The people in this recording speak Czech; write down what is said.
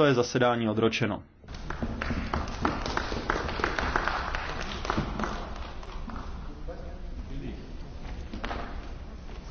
to je zasedání odročeno.